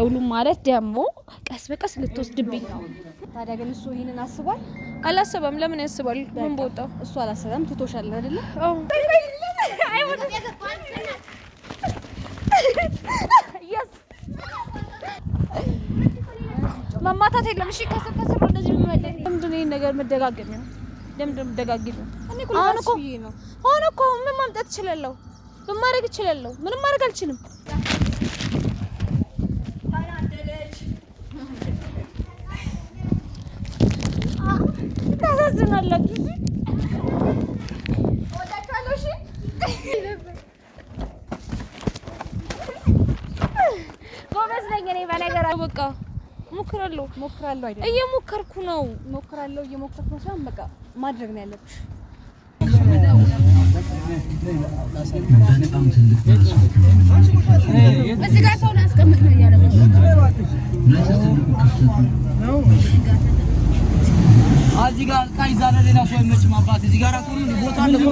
አይውሉም ማለት ደግሞ ቀስ በቀስ ልትወስድብኝ ነው። ታዲያ ግን እሱ ይህንን አስቧል? አላሰበም። ለምን ያስባል? ምን በወጣው እሱ አላሰበም። ትቶሻል አይደለ? አዎ። መማታት የለም እሺ። ከስር ከስር እንደዚህ የሚመለኝ። ለምንድን ይህን ይሄን ነገር መደጋገሚያው? ለምንድን ነው መደጋገሚያው? አሁን እኮ አሁን እኮ ምን ማምጣት እችላለሁ? ምን ማድረግ እችላለሁ? ምንም ማድረግ አልችልም። ታሳዝናላችሁ። ጎበዝ ነኝ እኔ በነገር በቃ ሞክራለሁ ሞክራለሁ አይደል? እየሞከርኩ ነው። ሞክራለሁ እየሞከርኩ ነው። በቃ ማድረግ ነው ያለብሽ። እዚህ ጋር ሰውን አስቀምጥ ነው ያለው እዚህ ጋር ዕቃ ይዛለ ሌላ ሰው አይመችም። አባት እዚህ ጋር ቦታ እንትን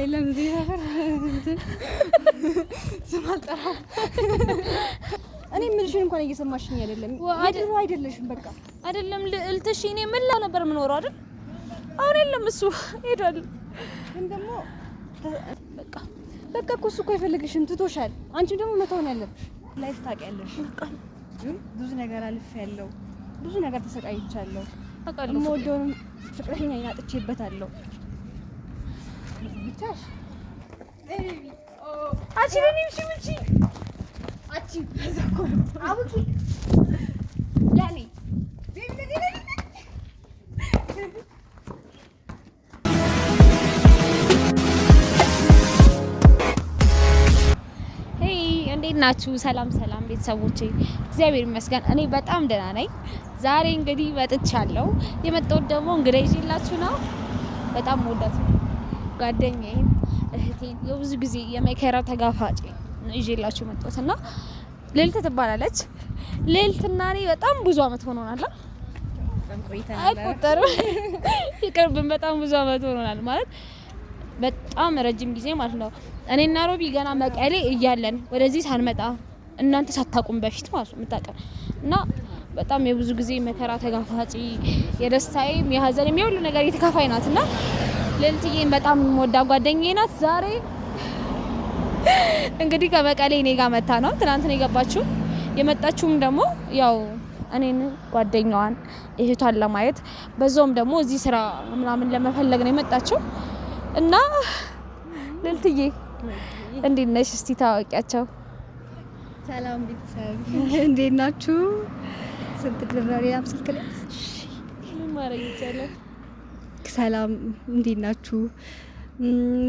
የለም እዚህ ነገር ስም አልጠራም። እኔ የምልሽን እንኳን እየሰማሽኝ አይደለም። አይደለሽም በቃ አይደለም ልዕልትሽ። እኔ ምን ነበር የምኖረው አይደል አሁን የለም እሱ ሄዷል። ግን ደግሞ በቃ በቃ እኮ እሱ እኮ አይፈልግሽም፣ ትቶሻል። አንቺም ደግሞ መተውን ያለብሽ ላይፍ ታውቂያለሽ። ብዙ ነገር አልፌያለሁ፣ ብዙ ነገር ተሰቃይቻለሁ። የምወደውንም ፍቅረኛ አጥቼበታለሁ። ብቻሽ አንቺ ለኔ ምቺ ምቺ አንቺ አቡኪ ያኔ ናችሁ? ሰላም ሰላም ቤተሰቦቼ፣ እግዚአብሔር ይመስገን እኔ በጣም ደህና ነኝ። ዛሬ እንግዲህ መጥቻለሁ። የመጣሁት ደግሞ እንግዳ ይዤላችሁ ነው። በጣም ወዳት ጓደኛዬን እህቴን የብዙ ጊዜ የመከራ ተጋፋጭ ነው ይዤላችሁ የመጣሁት እና ልዕልት ትባላለች። ልዕልትና እኔ በጣም ብዙ አመት ሆኖናል አይቆጠርም፣ ይቅርብን። በጣም ብዙ አመት ሆኖናል ማለት በጣም ረጅም ጊዜ ማለት ነው። እኔና ሮቢ ገና መቀሌ እያለን ወደዚህ ሳንመጣ እናንተ ሳታቁም በፊት ማለት ነው የምታውቀው እና በጣም የብዙ ጊዜ መከራ ተጋፋጪ፣ የደስታዬም የሀዘን የሁሉ ነገር የተካፋይ ናት እና ሌልትዬን በጣም ወዳ ጓደኛ ናት። ዛሬ እንግዲህ ከመቀሌ እኔ ጋር መታ ነው ትናንት ነው የገባችሁ። የመጣችሁም ደግሞ ያው እኔን ጓደኛዋን እህቷን ለማየት በዛውም ደግሞ እዚህ ስራ ምናምን ለመፈለግ ነው የመጣችው። እና ልልትዬ እንዴት ነሽ? እስቲ ታዋቂያቸው ሰላም ቤተሰብ እንዴት ናችሁ? ስንት ድረሪ አምስልክ ሰላም እንዴት ናችሁ?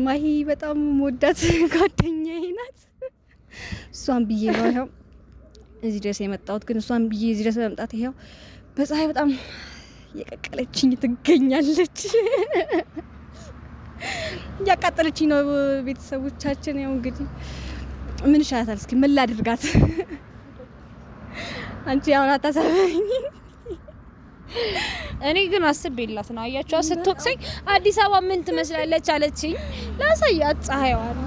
ማሂ በጣም ወዳት ጓደኛዬ ናት። እሷን ብዬ ነው ይኸው እዚህ ድረስ የመጣሁት። ግን እሷን ብዬ እዚህ ድረስ መምጣት ይኸው በፀሐይ በጣም የቀቀለችኝ ትገኛለች። እያቃጠለች ነው። ቤተሰቦቻችን ያው እንግዲህ ምን ይሻላታል? እስኪ ምን ላድርጋት? አንቺ ያውን አታሳበኝ። እኔ ግን አስቤላት ነው። አያችኋት ስትወቅሰኝ አዲስ አበባ ምን ትመስላለች አለችኝ። ላሳያት ፀሐይዋን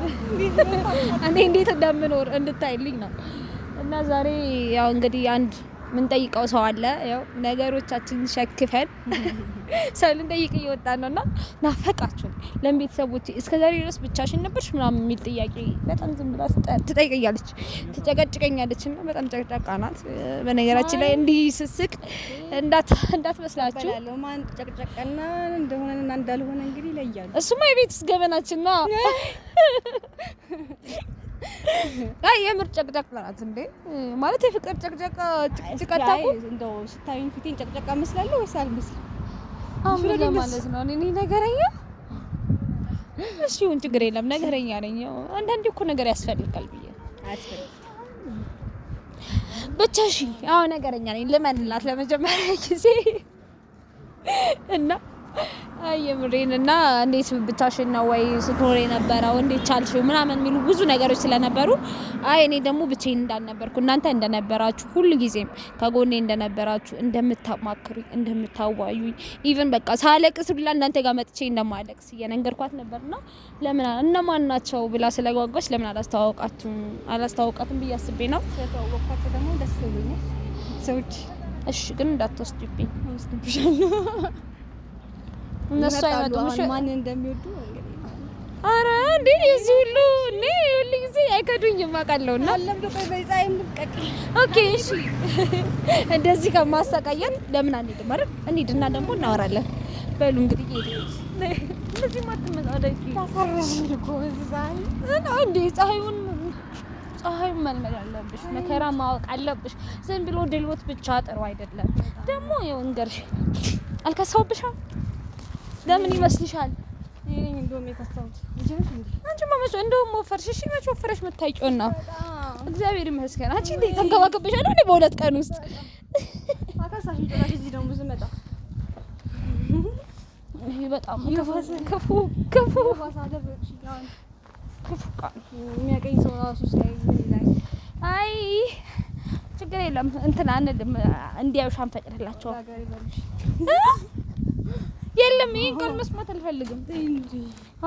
እኔ እንዴት እንደምኖር እንድታይልኝ ነው። እና ዛሬ ያው እንግዲህ አንድ ምንጠይቀው ሰው አለ። ያው ነገሮቻችን ሸክፈን ሰው ልንጠይቅ እየወጣን ነው እና ናፈቃችሁ ለምን ቤተሰቦች ዛሬ ድረስ ብቻሽን ነበርሽ ምናምን የሚል ጥያቄ በጣም ዝም ብላ ትጠይቀኛለች፣ ትጨቀጭቀኛለች። እና በጣም ጨቅጫቃ ናት። በነገራችን ላይ እንዲህ ስስቅ እንዳትመስላችሁ ማን ጨቅጫቃና እንደሆነና እንዳልሆነ እንግዲህ ይለያሉ። እሱማ የቤት ውስጥ ገበናችን ነው። አይ የምር ጨቅጨቅ ናት እንዴ? ማለት የፍቅር ጨቅጨቅ ጭቅጭቅ አታውቁ? እንደው ስታዩኝ ፊቴን ጨቅጨቅ አመስላለሁ ወይስ አልመስልም? አሁን ማለት ነው እኔ ነገረኛ እሺ፣ ይሁን ችግር የለም ነገረኛ ነኝ። አንዳንዴ እኮ ነገር ያስፈልጋል ብዬ ብቻ እሺ፣ አዎ ነገረኛ ነኝ ልመንላት ለመጀመሪያ ጊዜ እና የምሬን እና እንዴት ብቻሽን ነው ወይ ስትኖር የነበረው እንዴት ቻልሽው ምናምን የሚሉ ብዙ ነገሮች ስለነበሩ አይ እኔ ደግሞ ብቻዬን እንዳልነበርኩ እናንተ እንደነበራችሁ ሁሉ ጊዜም ከጎኔ እንደነበራችሁ እንደምታማክሩኝ፣ እንደምታዋዩኝ ኢቨን በቃ ሳለቅስ ብላ እናንተ ጋር መጥቼ እንደማለቅስ እየነገርኳት ነበርና ለምን እነማን ናቸው ብላ ስለጓጓች ለምን አላስተዋወቃችሁም አላስተዋወቃትም ብዬ አስቤ ነው። ስለተዋወቅኳቸው ደግሞ ደስ ብሎኛል። ሰዎች እሺ ግን እንዳትወስድብኝ ወስድብሻለሁ እነሱ አይመጡም። እሺ ማንን እንደሚወዱ አረ እንዴ እዚህ ሁሉ እኔ ሁሉ ጊዜ አይከዱኝም አውቃለሁ። እና ኦኬ እሺ፣ እንደዚህ ከማሳቃየን ለምን አንሄድም? አይደል እንሂድና ደግሞ እናወራለን። በሉ እንግዲህ ፀሐዩን ፀሐዩን መልመድ አለብሽ፣ መከራ ማወቅ አለብሽ። ዝም ብሎ ድሎት ብቻ ጥሩ አይደለም። ደግሞ ይኸው እንገርሽ አልከሳሁብሻም ለምን ይመስልሻል? ይሄን እንደውም የከፋሁት አንቺማ መቼ እንደውም ወፈርሽ። እሺ መቼ ወፈረሽ የምታይቂውና እግዚአብሔር ይመስገን። አንቺ እንዴ ተንከባከብሻለሁ እኔ በሁለት ቀን ውስጥ ይሄ በጣም ክፉ ክፉ የሚያቀኝ ሰው እራሱ አይ ችግር የለም እንትን አንልም። እንዲያዩሽ አንፈቅድላቸውም። የለም ይሄን ቃል መስማት አልፈልግም።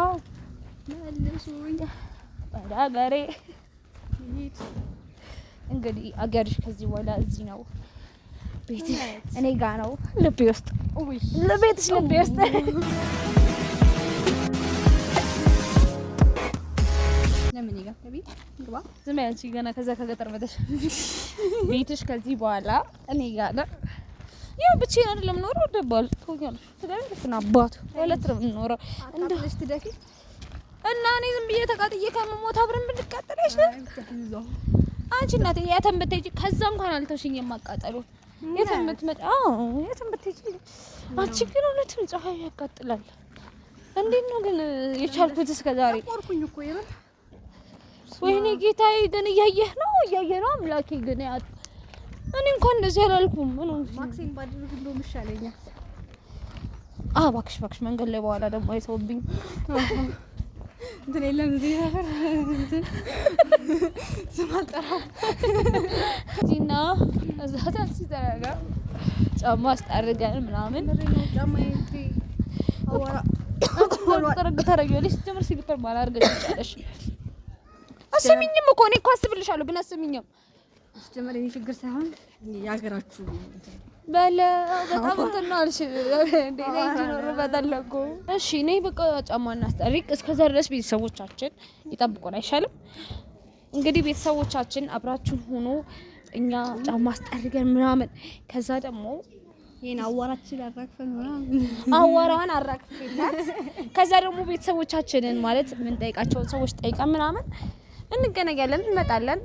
አዎ በራበሬ እንግዲህ አገርሽ ከዚህ በኋላ እዚህ ነው፣ ቤት እኔ ጋ ነው፣ ልቤ ውስጥ ቤትሽ፣ ልቤ ውስጥ ለምን ዝም ያንቺ ገና ከዛ ከገጠር መተሽ ቤትሽ ከዚህ በኋላ እኔ ጋ ነው ያው ብቻዬን አይደለም ኖሮ ደባል ቶኛል ትላለች እና አባቱ ሁለት ነው የምኖረው እንዳለች ትደፊ እና እኔ ዝም ብዬ ተቃጥዬ ከመሞት አብረን ብንቃጠለሽ አንቺ እናቴ የትም ብትሄጂ ከዛ እንኳን አልተውሽኝ የማቃጠሉ የትም ብትመጪ አዎ የትም ብትሄጂ አንቺ ግን እውነትም ፀሐይ ያቃጥላል እንዴት ነው ግን የቻልኩት እስከዛሬ ቆርኩኝ እኮ ይበል ወይኔ ጌታዬ ግን እያየህ ነው እያየህ ነው አምላኬ ግን ያት እኔ እንኳን እንደዚህ አላልኩም። ምን ማክሲም ባድርግ ሁሉ ይሻለኛል። አዎ እባክሽ እባክሽ፣ መንገድ ላይ በኋላ ደግሞ አይተውብኝ እንትን የለም እዚህ ነገር ስም አልጠራም። እዚህና እዛ ታክሲ ተረጋ ጫማ አስጠርገን ምናምን ታረጊዋለሽ። ጀምር ሲልፐር ባላ አድርገሽ ይቻለሽ። አስሚኝም እኮ እኔ እኮ አስብልሻለሁ፣ ግን አሰሚኝም ጀመር የኔ ችግር ሳይሆን የሀገራችሁ በለ በጣም እንትን ነው አልሽ እንዴ ነው እሺ፣ በቃ ጫማ እናስጠሪቅ። እስከዛ ድረስ ቤተሰቦቻችን ይጠብቁን አይሻልም? እንግዲህ ቤተሰቦቻችን አብራችሁን ሆኖ እኛ ጫማ አስጠርገን ምናምን ከዛ ደግሞ ይሄን አዋራችን አዋራዋን ከዛ ደግሞ ቤተሰቦቻችንን ማለት ምን ሰዎች ጠይቀን ምናምን እንገናኛለን፣ እንመጣለን።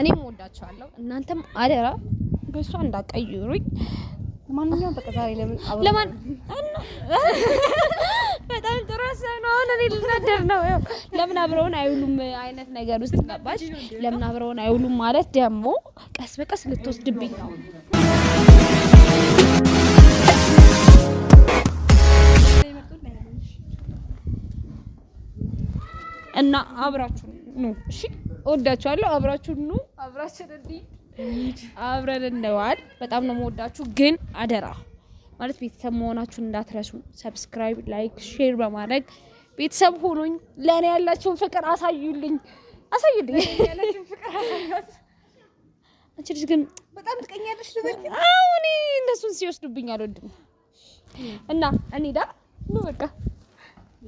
እኔም ወዳቸዋለሁ፣ እናንተም አደራ በሷ እንዳቀይሩኝ። ማንኛውም በቃ ዛሬ ለምን ለማን በጣም ጥሩ ሀሳብ ነው። አሁን እኔ ልናደር ነው። ለምን አብረውን አይውሉም አይነት ነገር ውስጥ ገባች። ለምን አብረውን አይውሉም ማለት ደግሞ ቀስ በቀስ ልትወስድብኝ ነው። እና አብራችሁ ኑ። እሺ፣ እወዳችኋለሁ። አብራችሁ ኑ፣ አብራችሁ እንሂድ፣ አብረን እንደዋል። በጣም ነው የምወዳችሁ፣ ግን አደራ ማለት ቤተሰብ መሆናችሁን እንዳትረሱ። ሰብስክራይብ፣ ላይክ፣ ሼር በማድረግ ቤተሰብ ሆኖኝ ለእኔ ያላችሁን ፍቅር አሳዩልኝ፣ አሳዩልኝ። አንቺ ልጅ ግን በጣም ትቀኛለሽ። እነሱን ሲወስዱብኝ አልወድም እና እኔ ዳ ኑ በቃ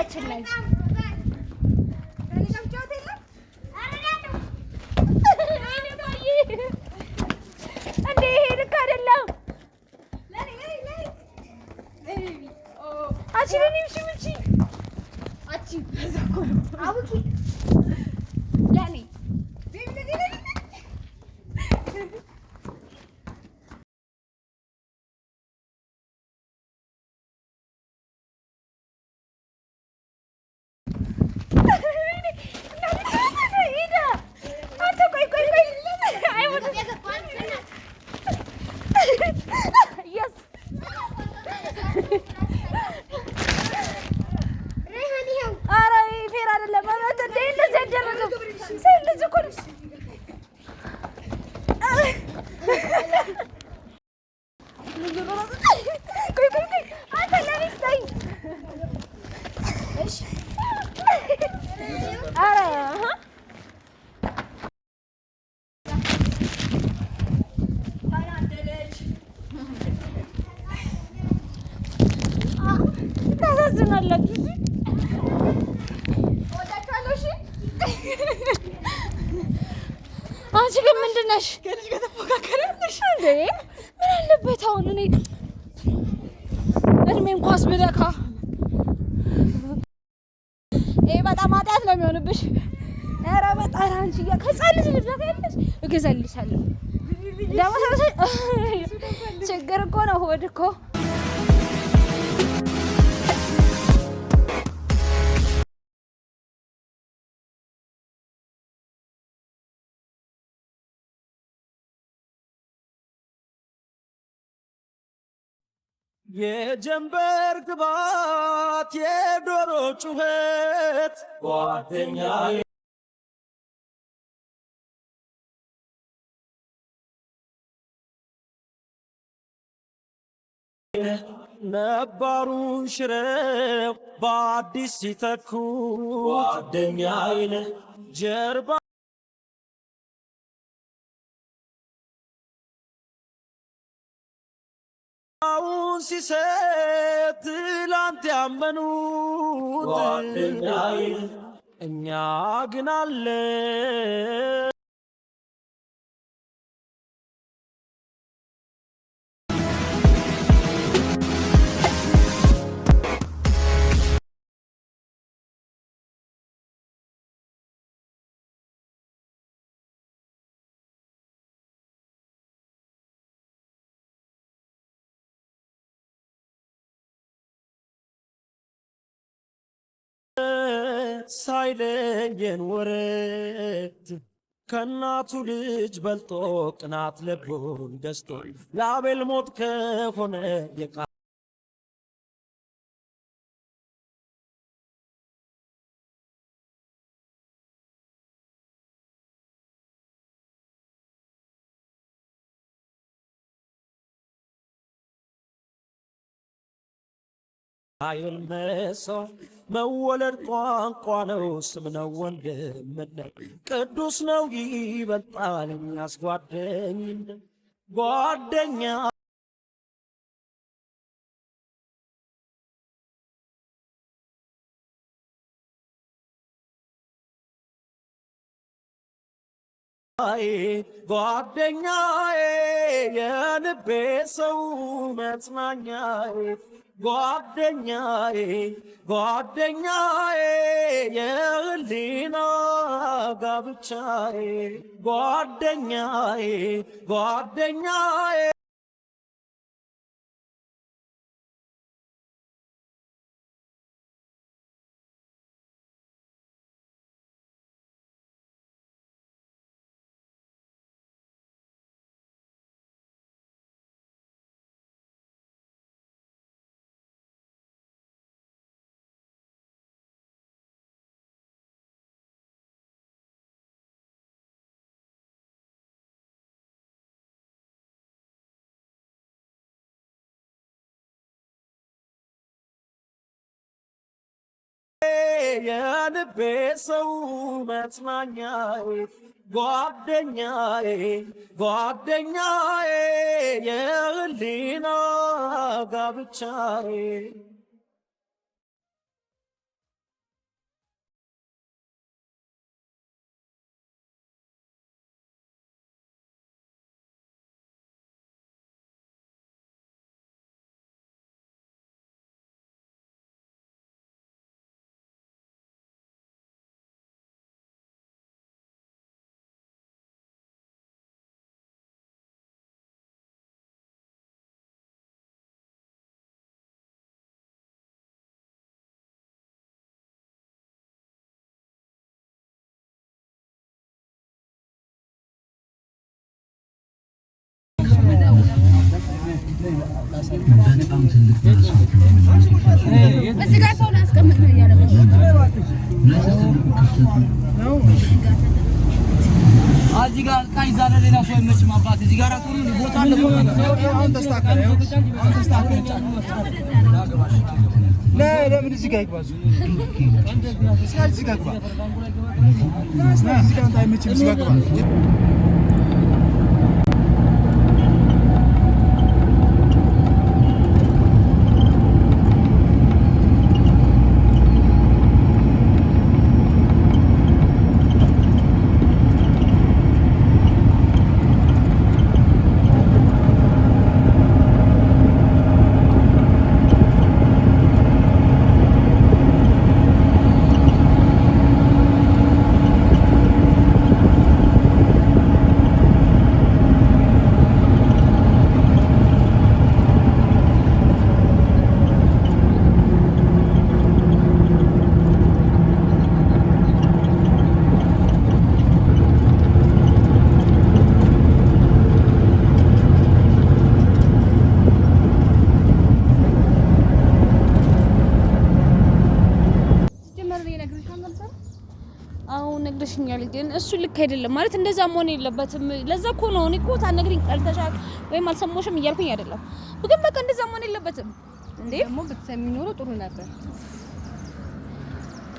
አረጋችልን። እንዴ ይሄ ልክ የጀንበር ግባት የዶሮ ጩኸት ጓደኛ ነባሩን ሽረው በአዲስ ሲተኩ ጓደኛ አይነ ጀርባ አው አሁን ሲሰጥ ትላንት ያመኑት እኛ ግን ሳይለየን ወረት ከእናቱ ልጅ በልጦ ቅናት ለቦን ገዝቶ ለአቤል ሞት ከሆነ የቃ አይል መሰው መወለድ ቋንቋ ነው፣ ስም ነው፣ ወንድምነት ቅዱስ ነው ይበልጣል እኛስ ጓደኝነት ጓደኛ ጓደኛዬ የልቤ ሰው መጽናኛዬ ጓደኛዬ ጓደኛዬ የህሊና ጋብቻዬ ጓደኛዬ ጓደኛዬ የልቤ ሰው መጽናኛዬ ጓደኛዬ ጓደኛዬ የህሊና ጋብቻዬ በጣም ትልቅ እዚህ ጋር ዕቃ ይዛ ለሌላ ሰው አይመችም። አባት እዚህ ጋር ቦታ አለ። ለምን እዚህ ጋር ይግባሱ? እዚህ ጋር ግባ። ልክ አይደለም ማለት እንደዛ መሆን የለበትም። ለዛ እኮ ነው እኔ እኮ ሳትነግሪኝ ቀርተሻል ወይም አልሰማሽም እያልኩኝ አይደለም፣ ግን በቃ እንደዛ መሆን የለበትም። እንዴ ደግሞ ብትሰሚ ኖሮ ጥሩ ነበር።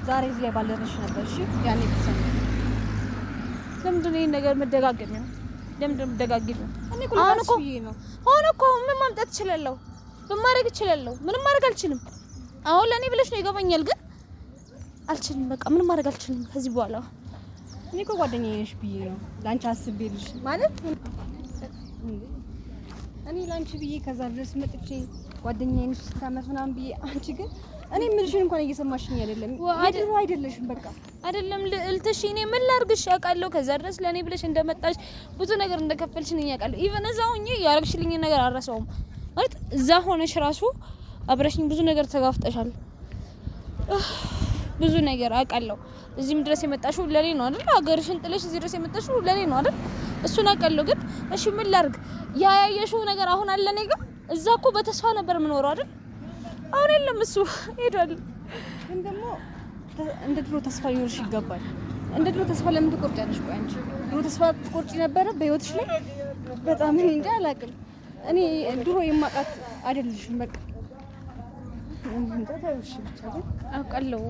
ዛሬ እዚህ ላይ ባልደረስሽ ነበር። እሺ ያኔ ብትሰሚ። ለምንድን ነው ይሄን ነገር መደጋገሚያው? ለምንድን ነው መደጋገሚያው? እኔ እኮ አሁን እኮ ምን ማምጣት እችላለሁ? ምን ማድረግ እችላለሁ? ምንም ማድረግ አልችልም። አሁን ለእኔ ብለሽ ነው ይገባኛል፣ ግን አልችልም። በቃ ምንም ማድረግ አልችልም ከዚህ በኋላ እኔ እኮ ጓደኛዬ ነሽ ብዬ ነው ለአንቺ አስቤልሽ ማለት እኔ ለአንቺ ብዬ ከዛ ድረስ መጥቼ ጓደኛዬ ነሽ ስንት ምናምን ብዬ አንቺ ግን እኔ የምልሽን እንኳን እየሰማሽኝ አይደለም። የድሮ አይደለሽም። በቃ አይደለም ልዕልትሽ፣ እኔ ምን ላድርግሽ አውቃለሁ። ከዛ ድረስ ለእኔ ብለሽ እንደመጣሽ ብዙ ነገር እንደከፈልሽኝ እኔ አውቃለሁ። ኢቨን እዛ ሆኜ ያረግሽልኝ ነገር አልረሳውም። ማለት እዛ ሆነሽ ራሱ አብረሽኝ ብዙ ነገር ተጋፍጠሻል። ብዙ ነገር አውቃለሁ። እዚህም ድረስ የመጣሽው ለኔ ነው አይደል? ሀገርሽን ጥለሽ እዚህ ድረስ የመጣሽው ለኔ ነው አይደል? እሱን አውቃለሁ። ግን እሺ ምን ላርግ? ያ ያየሽው ነገር አሁን አለ እኔ ጋር። እዛ እኮ በተስፋ ነበር የምኖረው አይደል? አሁን የለም እሱ ሄዷል። ግን ደግሞ እንደ ድሮ ተስፋ ሊኖርሽ ይገባል። እንደ ድሮ ተስፋ ለምን ትቆርጫለሽ? ቆይ አንቺ ድሮ ተስፋ ትቆርጪ ነበረ በህይወትሽ ላይ? በጣም እኔ እንጃ አላውቅም። እኔ ድሮ የማውቃት አይደልሽም በቃ አውቃለሁ።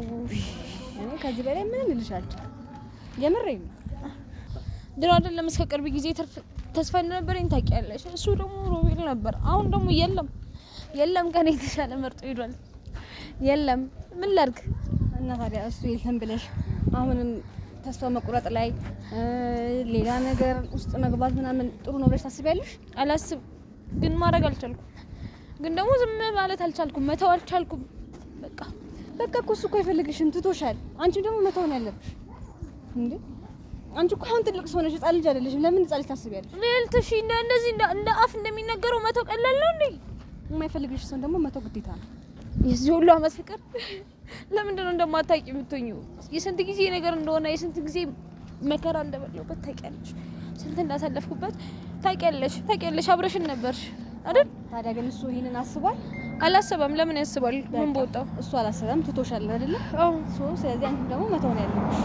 ከዚህ በላይ ምንም እልሻለሁ። የምሬን ነው። ድሮ አይደለም እስከ ቅርብ ጊዜ ተስፋ እንደነበረኝ ታውቂያለሽ። እሱ ደግሞ ሮቤል ነበር። አሁን ደግሞ የለም የለም፣ ከኔ የተሻለ መርጦ ሄዷል። የለም ምን ላድርግ እና ታዲያ እሱ የለም ብለሽ አሁንም ተስፋ መቁረጥ ላይ ሌላ ነገር ውስጥ መግባት ምናምን ጥሩ ነው ብለሽ ታስቢያለሽ? አላስብ ግን ማድረግ አልቻልኩም። ግን ደግሞ ዝም ማለት አልቻልኩም፣ መተው አልቻልኩም። በቃ በቃ እኮ እሱ እኮ አይፈልግሽም፣ ትቶሻል። አንቺ ደግሞ መተው ነው ያለብሽ እንዴ። አንቺ እኮ አሁን ትልቅ ሰው ነሽ፣ ህጻን ልጅ አይደለሽም። ለምን ህጻን ልጅ ታስቢያለሽ? ልዕልት፣ እንደ እንደዚህ እንደ አፍ እንደሚነገረው መተው ቀላል ነው እንዴ? የማይፈልግሽ ሰው ደግሞ መተው ግዴታ ነው። የዚህ ሁሉ አመት ፍቅር ለምንድን ነው እንደማታውቂ የምትሆኚው? የስንት ጊዜ ነገር እንደሆነ የስንት ጊዜ መከራ እንደበላሁበት ታውቂያለሽ። ስንት እንዳሳለፍኩበት ታውቂያለሽ። ታውቂያለሽ፣ አብረሽን ነበርሽ አይደል? ታዲያ ግን እሱ ይሄንን አስቧል? አላሰበም። ለምን ያስባል? ምን በወጣው እሱ አላሰበም። ትቶሻል አይደለ? አዎ። ሶ ስለዚህ አንቺ ደግሞ መተው ነው ያለብሽ።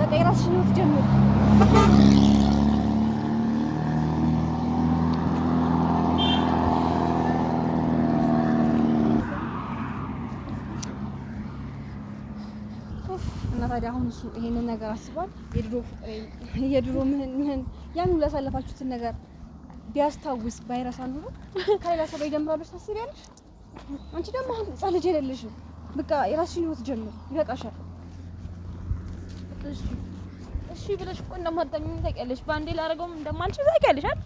በቃ የራስሽን ህይወት እና ታዲያ አሁን እሱ ይሄንን ነገር አስቧል? የድሮ ፍቅሬ የድሮ ምን ምን ያን ሁሉ ያሳለፋችሁትን ነገር ቢያስታውስ ባይረሳ ኑሮ ከሌላ ሰው ጋር ይጀምራሉ ታስቢያለሽ? አንቺ ደግሞ አሁን ህፃን ልጅ አይደለሽም። በቃ የራስሽን ህይወት ጀምር፣ ይበቃሻል። እሺ እሺ ብለሽ እኮ እንደማታኝም ታውቂያለሽ። በአንዴ ላደርገውም እንደማልችል ታውቂያለሽ አይደል?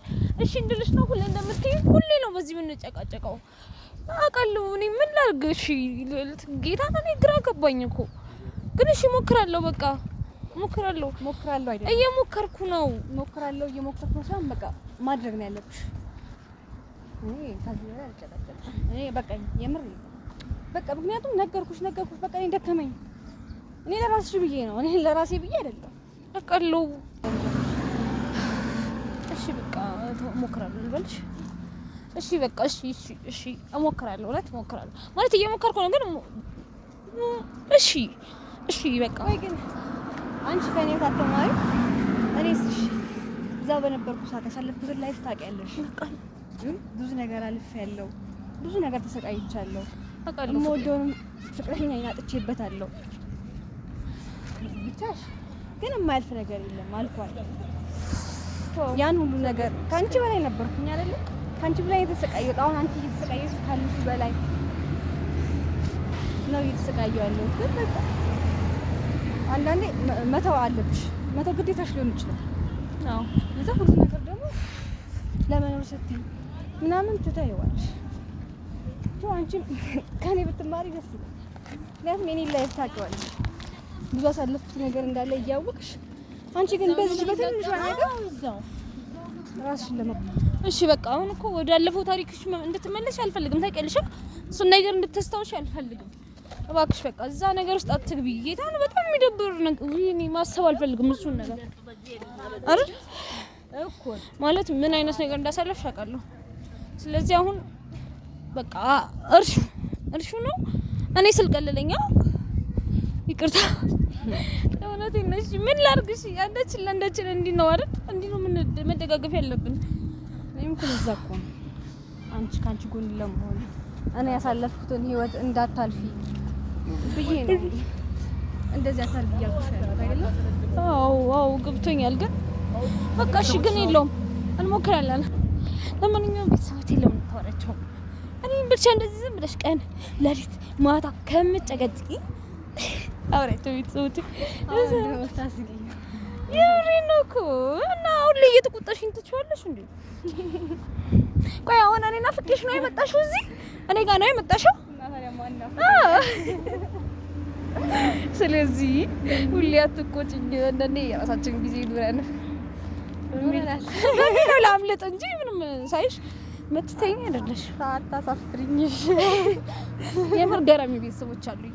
እሺ እንድልሽ ነው ሁሌ እንደምትይ፣ ሁሌ ነው በዚህ የምንጨቃጨቀው። አውቃለሁ። እኔ ምን ላድርግ? እሺ ጌታ እኔ ግራ ገባኝ እኮ ግን እሺ ሞክራለሁ። በቃ ሞክራለሁ፣ ሞክራለሁ። አይደል? እየሞከርኩ ነው። ሞክራለሁ፣ እየሞከርኩ ነው። በቃ ማድረግ ነው ያለብሽ። እኔ ታዝለላ በቃኝ፣ የምር በቃ። ምክንያቱም ነገርኩሽ ነገርኩሽ፣ በቃ እኔ ደከመኝ። እኔ ለራስሽ ብዬ ነው፣ እኔ ለራሴ ብዬ አይደለም። በቃ እሺ፣ በቃ እሞክራለሁ ልበልሽ። እሺ፣ በቃ እሺ፣ እሺ፣ እሺ፣ እሞክራለሁ። እውነት እሞክራለሁ ማለት እየሞከርኩ ነው፣ ግን እሺ፣ እሺ፣ በቃ ወይ ግን አንቺ ከኔ ታተማሪ እኔስ እሺ እዛ በነበርኩ ሰዓት ያሳለፍኩትን ላይፍ ታውቂያለሽ። ብዙ ነገር አልፌያለሁ። ብዙ ነገር ተሰቃይቻለሁ። የምወደውንም ፍቅረኛ አጥቼበታለሁ። ብቻሽ ግን የማያልፍ ነገር የለም አልኳል። ያን ሁሉ ነገር ከአንቺ በላይ ነበርኩኝ አይደለም? ከአንቺ በላይ የተሰቃየሁት አሁን አንቺ እየተሰቃየሽ ካንቺ በላይ ነው እየተሰቃየሁ ያለሁት። ግን በቃ አንዳንዴ መተው አለብሽ። መተው ግዴታሽ ሊሆን ይችላል። የዛ ሁሉ ነገር ደግሞ ለመኖር ስትይ ምናምን ትተይዋለሽ። አንቺም ከኔ ብትማሪ ደስ ይላል። ምክንያቱም የኔን ላይፍ ታውቂዋለሽ፣ ብዙ አሳለፍኩት ነገር እንዳለ እያወቅሽ አንቺ ግን በዚህ በትንሿ ነገር እዛው ራስሽን እሺ በቃ አሁን እኮ ወደ አለፈው ታሪክሽ እንድትመለሽ አልፈልግም። ታውቂያለሽ፣ እሱን ነገር እንድትስታውሽ አልፈልግም። እባክሽ በቃ እዛ ነገር ውስጥ አትግቢ። ጌታ ነው በጣም የሚደብር ነገር ማሰብ አልፈልግም እሱን ነገር አይደል ማለት ምን አይነት ነገር እንዳሳለፍ አውቃለሁ። ስለዚህ አሁን በቃ እርሹ እርሹ ነው። እኔ ስልቀልለኛ ይቅርታ ለእውነት ነሽ። ምን ላርግሽ? አንዳችን ለአንዳችን እንዲህ ነው አይደል? እንዲህ ነው መደጋገፍ ያለብን። እኔም እኮ እዛ እኮ ነው አንቺ ካንቺ ጎን ለመሆን እኔ ያሳለፍኩትን ህይወት እንዳታልፊ ብዬ ነው እንደዚህ አታርግ እያልኩሽ አይደለም? አዎ አዎ፣ ገብቶኛል። ግን በቃ እሺ፣ ግን የለውም እንሞክራለን። ለማንኛውም ቤተሰቦቼ ለምን ታወራቸው? እኔ ብቻ እንደዚህ ዝም ብለሽ ቀን ለሊት ማታ ከምጨቀጭቂ አውራቸው ቤተሰቦቼ። የምሬን ነው እኮ እና አሁን ላይ እየተቆጣሽኝ ትችዋለሽ እንዴ? ቆይ አሁን እኔና ፍቄሽ ነው የመጣሽው? እዚህ እኔ ጋር ነው የመጣሽው? ስለዚህ ሁሌ አትቆጭኝ። አንዳንዴ የራሳችን ጊዜ ይኖረን ላምለጥ እንጂ ምንም ሳይሽ መትተኛ አይደለሽ። አታሳፍሪኝ። የምር ቤተሰቦች አሉኝ።